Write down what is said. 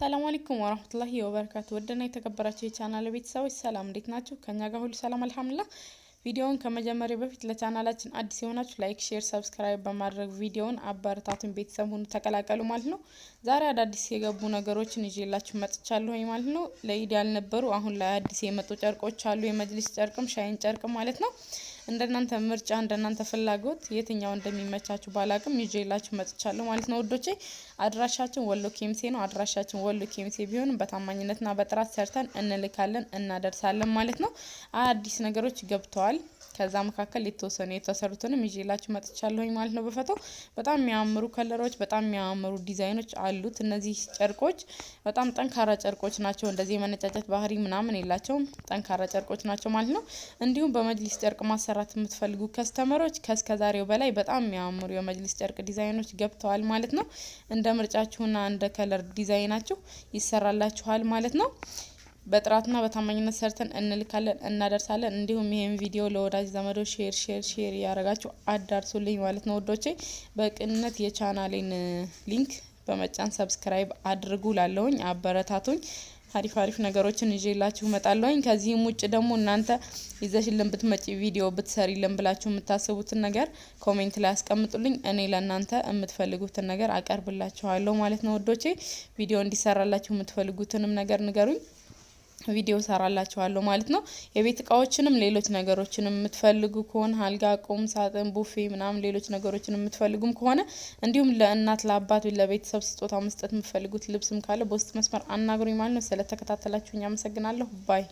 ሰላም አለይኩም ወራህመቱላሂ ወበረካቱ። ወደና የተከበራችሁ የቻናል ቤተሰቦች ሰላም፣ እንዴት ናችሁ? ከኛ ጋር ሁሉ ሰላም አልሐምዱሊላህ። ቪዲዮውን ከመጀመሪያ በፊት ለቻናላችን አዲስ የሆናችሁ ላይክ፣ ሼር፣ ሰብስክራይብ በማድረግ ቪዲዮውን አበረታቱን፣ ቤተሰብ ሁኑ ተቀላቀሉ ማለት ነው። ዛሬ አዳዲስ የገቡ ነገሮችን ይዤላችሁ መጥቻለሁ ማለት ነው። ለኢድ ያልነበሩ አሁን ላይ አዲስ የመጡ ጨርቆች አሉ። የመጅሊስ ጨርቅም ሻይን ጨርቅም ማለት ነው። እንደናንተ ምርጫ እንደናንተ ፍላጎት የትኛው እንደሚመቻችሁ ባላቅም ይዤላችሁ መጥቻለሁ ማለት ነው ውዶቼ። አድራሻችን ወሎ ኬሚሴ ነው። አድራሻችን ወሎ ኬምሴ ቢሆንም በታማኝነትና በጥራት ሰርተን እንልካለን እናደርሳለን ማለት ነው። አዲስ ነገሮች ገብተዋል። ከዛ መካከል የተወሰኑ የተሰሩትንም ይዤላችሁ መጥቻለሁኝ ማለት ነው። በፈቶ በጣም የሚያምሩ ከለሮች፣ በጣም የሚያምሩ ዲዛይኖች አሉት። እነዚህ ጨርቆች በጣም ጠንካራ ጨርቆች ናቸው። እንደዚህ የመነጫጨት ባህሪ ምናምን የላቸውም። ጠንካራ ጨርቆች ናቸው ማለት ነው። እንዲሁም በመጅሊስ ጨርቅ ማሰራት የምትፈልጉ ከስተመሮች ከስከዛሬው በላይ በጣም የሚያምሩ የመጅሊስ ጨርቅ ዲዛይኖች ገብተዋል ማለት ነው። እንደ ምርጫችሁና እንደ ከለር ዲዛይናችሁ ይሰራላችኋል ማለት ነው። በጥራትና በታማኝነት ሰርተን እንልካለን እናደርሳለን። እንዲሁም ይህን ቪዲዮ ለወዳጅ ዘመዶ ሼር ሼር ሼር እያደረጋችሁ አዳርሱልኝ ማለት ነው ወዶቼ። በቅንነት የቻናሌን ሊንክ በመጫን ሰብስክራይብ አድርጉ። ላለውኝ አበረታቱኝ። አሪፍ አሪፍ ነገሮችን ይዤላችሁ እመጣለሁኝ። ከዚህም ውጭ ደግሞ እናንተ ይዘሽልን ብትመጪ ቪዲዮ ብትሰሪልን ብላችሁ የምታስቡትን ነገር ኮሜንት ላይ አስቀምጡልኝ። እኔ ለእናንተ የምትፈልጉትን ነገር አቀርብላችኋለሁ ማለት ነው ወዶቼ። ቪዲዮ እንዲሰራላችሁ የምትፈልጉትንም ነገር ንገሩኝ። ቪዲዮ ሰራላችኋለሁ ማለት ነው። የቤት እቃዎችንም ሌሎች ነገሮችንም የምትፈልጉ ከሆነ አልጋ፣ ቁም ሳጥን፣ ቡፌ ምናምን ሌሎች ነገሮችን የምትፈልጉም ከሆነ እንዲሁም ለእናት ለአባት፣ ለቤተሰብ ስጦታ መስጠት የምትፈልጉት ልብስም ካለ በውስጥ መስመር አናግሩኝ ማለት ነው። ስለተከታተላችሁኝ አመሰግናለሁ ባይ